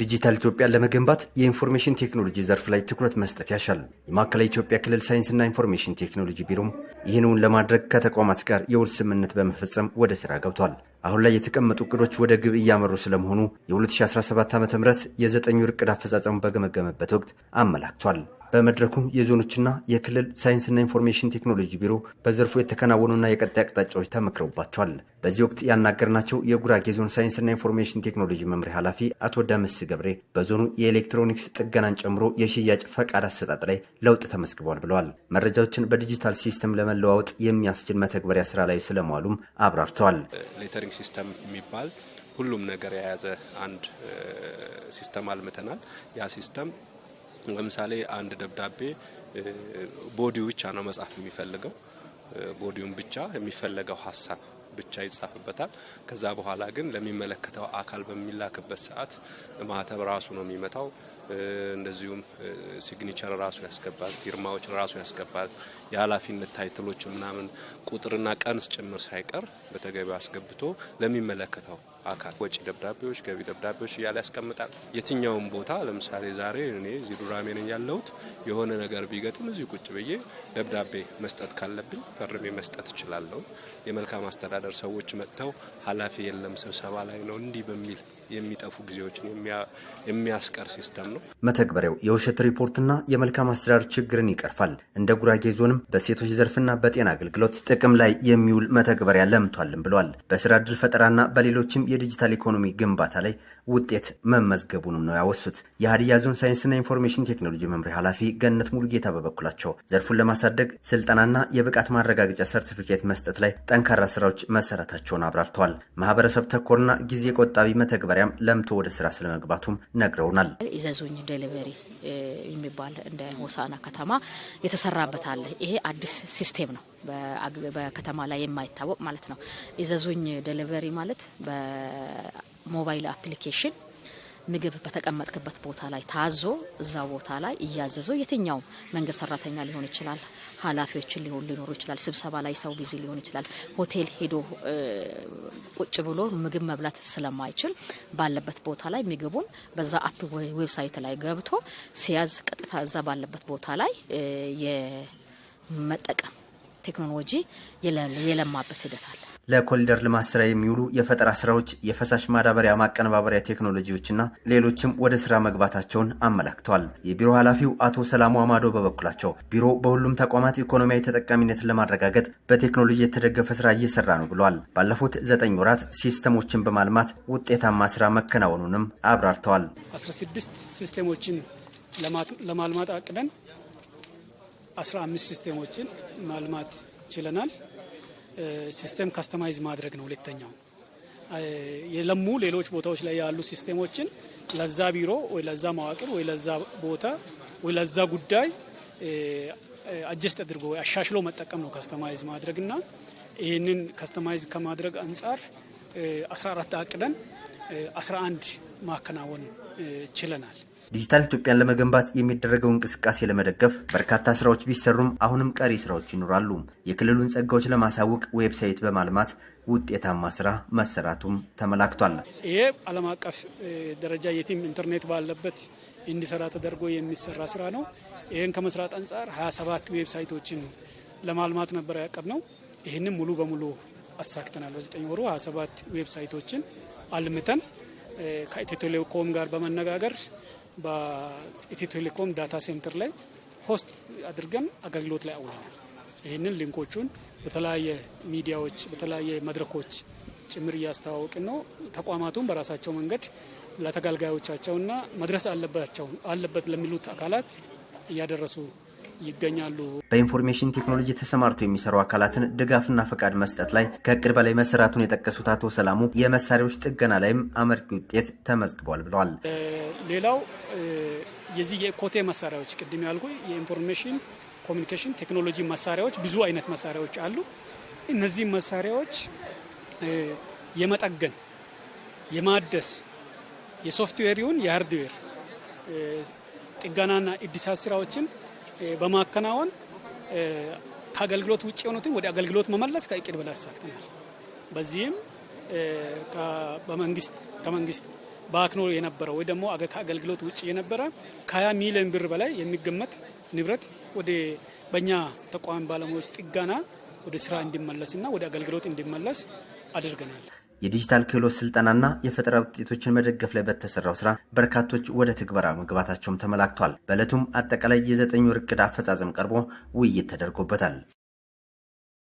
ዲጂታል ኢትዮጵያን ለመገንባት የኢንፎርሜሽን ቴክኖሎጂ ዘርፍ ላይ ትኩረት መስጠት ያሻል። የማዕከላዊ ኢትዮጵያ ክልል ሳይንስና ኢንፎርሜሽን ቴክኖሎጂ ቢሮም ይህንውን ለማድረግ ከተቋማት ጋር የውል ስምምነት በመፈጸም ወደ ስራ ገብቷል። አሁን ላይ የተቀመጡ እቅዶች ወደ ግብ እያመሩ ስለመሆኑ የ2017 ዓ ም የዘጠኙ እቅድ አፈጻጸሙ በገመገመበት ወቅት አመላክቷል። በመድረኩ የዞኖችና የክልል ሳይንስና ኢንፎርሜሽን ቴክኖሎጂ ቢሮ በዘርፉ የተከናወኑና የቀጣይ አቅጣጫዎች ተመክረውባቸዋል። በዚህ ወቅት ያናገርናቸው የጉራጌ ዞን ሳይንስና ኢንፎርሜሽን ቴክኖሎጂ መምሪያ ኃላፊ አቶ ደምስ ገብሬ በዞኑ የኤሌክትሮኒክስ ጥገናን ጨምሮ የሽያጭ ፈቃድ አሰጣጥ ላይ ለውጥ ተመስግቧል ብለዋል። መረጃዎችን በዲጂታል ሲስተም ለመለዋወጥ የሚያስችል መተግበሪያ ስራ ላይ ስለመዋሉም አብራርተዋል። ሌተሪንግ ሲስተም የሚባል ሁሉም ነገር የያዘ አንድ ሲስተም አልምተናል። ያ ሲስተም ለምሳሌ አንድ ደብዳቤ ቦዲው ብቻ ነው መጻፍ የሚፈልገው። ቦዲውን ብቻ የሚፈለገው ሀሳብ ብቻ ይጻፍበታል። ከዛ በኋላ ግን ለሚመለከተው አካል በሚላክበት ሰዓት ማህተብ ራሱ ነው የሚመታው። እንደዚሁም ሲግኒቸር ራሱ ያስገባል፣ ፊርማዎች ራሱ ያስገባል። የኃላፊነት ታይትሎች ምናምን ቁጥርና ቀንስ ጭምር ሳይቀር በተገቢው አስገብቶ ለሚመለከተው አካል ወጪ ደብዳቤዎች፣ ገቢ ደብዳቤዎች እያለ ያስቀምጣል። የትኛውም ቦታ ለምሳሌ ዛሬ እኔ እዚህ ዱራሜ ነኝ ያለሁት የሆነ ነገር ቢገጥም እዚህ ቁጭ ብዬ ደብዳቤ መስጠት ካለብኝ ፈርሜ መስጠት እችላለሁ። የመልካም አስተዳደር ሰዎች መጥተው ኃላፊ የለም ስብሰባ ላይ ነው እንዲህ በሚል የሚጠፉ ጊዜዎችን የሚያስቀር ሲስተም ይችላሉ። መተግበሪያው የውሸት ሪፖርትና የመልካም አስተዳደር ችግርን ይቀርፋል። እንደ ጉራጌ ዞንም በሴቶች ዘርፍና በጤና አገልግሎት ጥቅም ላይ የሚውል መተግበሪያ ለምቷልም ብሏል። በስራ እድል ፈጠራና በሌሎችም የዲጂታል ኢኮኖሚ ግንባታ ላይ ውጤት መመዝገቡንም ነው ያወሱት። የሀዲያ ዞን ሳይንስና ኢንፎርሜሽን ቴክኖሎጂ መምሪያ ኃላፊ ገነት ሙሉጌታ በበኩላቸው ዘርፉን ለማሳደግ ስልጠናና የብቃት ማረጋገጫ ሰርቲፊኬት መስጠት ላይ ጠንካራ ስራዎች መሰረታቸውን አብራርተዋል። ማህበረሰብ ተኮርና ጊዜ ቆጣቢ መተግበሪያም ለምቶ ወደ ስራ ስለመግባቱም ነግረውናል። እርዙኝ ዴሊቨሪ የሚባል እንደ ሆሳና ከተማ የተሰራበት አለ። ይሄ አዲስ ሲስቴም ነው፣ በከተማ ላይ የማይታወቅ ማለት ነው። እዘዙኝ ዴሊቨሪ ማለት በሞባይል አፕሊኬሽን ምግብ በተቀመጥክበት ቦታ ላይ ታዞ እዛ ቦታ ላይ እያዘዘው የትኛው መንግስት ሰራተኛ ሊሆን ይችላል፣ ኃላፊዎችን ሊሆን ሊኖሩ ይችላል፣ ስብሰባ ላይ ሰው ቢዚ ሊሆን ይችላል። ሆቴል ሄዶ ቁጭ ብሎ ምግብ መብላት ስለማይችል ባለበት ቦታ ላይ ምግቡን በዛ አፕ ዌብሳይት ላይ ገብቶ ሲያዝ ቀጥታ እዛ ባለበት ቦታ ላይ የመጠቀም ቴክኖሎጂ የለማበት ሂደት አለ። ለኮሊደር ልማት ስራ የሚውሉ የፈጠራ ስራዎች፣ የፈሳሽ ማዳበሪያ ማቀነባበሪያ ቴክኖሎጂዎችና ሌሎችም ወደ ስራ መግባታቸውን አመላክተዋል። የቢሮ ኃላፊው አቶ ሰላሙ አማዶ በበኩላቸው ቢሮ በሁሉም ተቋማት ኢኮኖሚያዊ ተጠቃሚነትን ለማረጋገጥ በቴክኖሎጂ የተደገፈ ስራ እየሰራ ነው ብለዋል። ባለፉት ዘጠኝ ወራት ሲስተሞችን በማልማት ውጤታማ ስራ መከናወኑንም አብራርተዋል። 16 ሲስተሞችን ለማልማት አቅደን 15 ሲስተሞችን ማልማት ችለናል። ሲስተም ካስተማይዝ ማድረግ ነው። ሁለተኛው የለሙ ሌሎች ቦታዎች ላይ ያሉ ሲስተሞችን ለዛ ቢሮ ወይ ለዛ መዋቅር ወይ ለዛ ቦታ ወይ ለዛ ጉዳይ አጀስት አድርጎ ወይ አሻሽሎ መጠቀም ነው ካስተማይዝ ማድረግና ይህንን ካስተማይዝ ከማድረግ አንጻር 14 አቅደን 11 ማከናወን ችለናል። ዲጂታል ኢትዮጵያን ለመገንባት የሚደረገው እንቅስቃሴ ለመደገፍ በርካታ ስራዎች ቢሰሩም አሁንም ቀሪ ስራዎች ይኖራሉ። የክልሉን ጸጋዎች ለማሳወቅ ዌብሳይት በማልማት ውጤታማ ስራ መሰራቱም ተመላክቷል። ይሄ ዓለም አቀፍ ደረጃ የቲም ኢንተርኔት ባለበት እንዲሰራ ተደርጎ የሚሰራ ስራ ነው። ይህን ከመስራት አንጻር 27 ዌብሳይቶችን ለማልማት ነበር ያቀድ ነው። ይህንም ሙሉ በሙሉ አሳክተናል። በ9 ወሩ 27 ዌብሳይቶችን አልምተን ከኢትዮ ቴሌኮም ጋር በመነጋገር በኢትዮ ቴሌኮም ዳታ ሴንተር ላይ ሆስት አድርገን አገልግሎት ላይ አውለናል። ይህንን ሊንኮቹን በተለያየ ሚዲያዎች፣ በተለያየ መድረኮች ጭምር እያስተዋወቅን ነው። ተቋማቱን በራሳቸው መንገድ ለተገልጋዮቻቸውና መድረስ አለበት ለሚሉት አካላት እያደረሱ ይገኛሉ። በኢንፎርሜሽን ቴክኖሎጂ ተሰማርተው የሚሰሩ አካላትን ድጋፍና ፈቃድ መስጠት ላይ ከእቅድ በላይ መሰራቱን የጠቀሱት አቶ ሰላሙ የመሳሪያዎች ጥገና ላይም አመርቂ ውጤት ተመዝግቧል ብለዋል። ሌላው የዚህ የኮቴ መሳሪያዎች ቅድም ያልኩ የኢንፎርሜሽን ኮሚኒኬሽን ቴክኖሎጂ መሳሪያዎች ብዙ አይነት መሳሪያዎች አሉ። እነዚህ መሳሪያዎች የመጠገን የማደስ የሶፍትዌር ይሁን የሃርድዌር ጥገናና እድሳት ስራዎችን በማከናወን ከአገልግሎት ውጭ የሆኑትን ወደ አገልግሎት መመለስ ከእቅድ በላይ አሳክተናል። በዚህም በመንግስት ከመንግስት በአክኖ የነበረ ወይ ደግሞ ከአገልግሎት ውጭ የነበረ ከ20 ሚሊዮን ብር በላይ የሚገመት ንብረት ወደ በእኛ ተቋም ባለሙያዎች ጥገና ወደ ስራ እንዲመለስና ወደ አገልግሎት እንዲመለስ አድርገናል። የዲጂታል ክህሎት ስልጠናና የፈጠራ ውጤቶችን መደገፍ ላይ በተሰራው ስራ በርካቶች ወደ ትግበራ መግባታቸውም ተመላክቷል። በዕለቱም አጠቃላይ የዘጠኝ ወር እቅድ አፈጻጸም ቀርቦ ውይይት ተደርጎበታል።